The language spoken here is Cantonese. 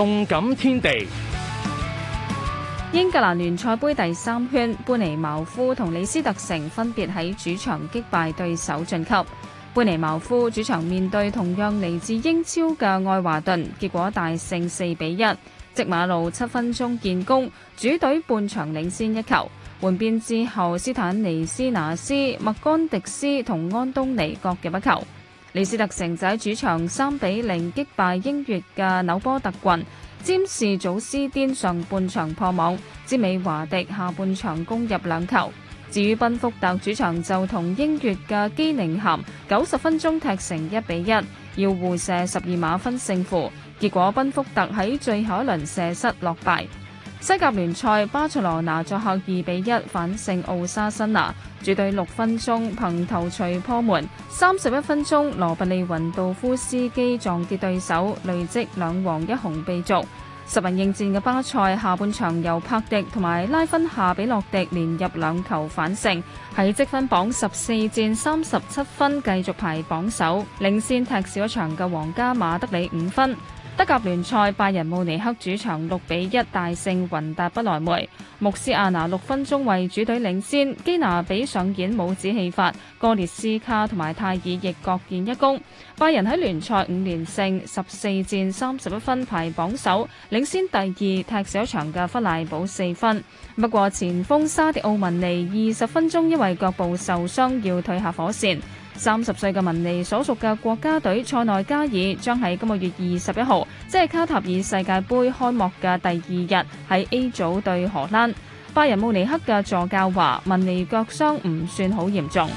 動感天地，英格蘭聯賽盃第三圈，般尼茅夫同李斯特城分別喺主場擊敗對手晉級。般尼茅夫主場面對同樣嚟自英超嘅愛華頓，結果大勝四比一。積馬路七分鐘建功，主隊半場領先一球。換邊之後，斯坦尼斯拿斯、麥干迪斯同安東尼各入一球。李斯特城仔主場三比零擊敗英乙嘅紐波特郡，詹士祖斯顛上半場破網，詹美華迪下半場攻入兩球。至於賓福特主場就同英乙嘅基寧咸九十分鐘踢成一比一，要互射十二碼分勝負，結果賓福特喺最後一輪射失落敗。西甲聯賽巴塞羅那作客2比1反勝奧沙辛拿，主隊六分鐘憑頭槌破門，三十一分鐘羅拔利雲度夫斯基撞跌對手，累積兩黃一紅被逐。十人應戰嘅巴塞下半場由帕迪同埋拉芬夏比洛迪連入兩球反勝，喺積分榜十四戰三十七分繼續排榜首，領先踢少一場嘅皇家馬德里五分。德甲聯賽拜仁慕尼黑主場六比一大勝雲達不萊梅，穆斯亞拿六分鐘為主隊領先，基拿比上演帽子戲法，哥列斯卡同埋泰爾亦各建一功。拜仁喺聯賽五連勝，十四戰三十一分排榜首，領領先第二踢少場嘅弗賴堡四分，不過前鋒沙迪奧文尼二十分鐘因為腳部受傷要退下火線。三十歲嘅文尼所屬嘅國家隊塞內加爾將喺今個月二十一號，即係卡塔爾世界杯開幕嘅第二日，喺 A 組對荷蘭。拜仁慕尼克嘅助教話，文尼腳傷唔算好嚴重。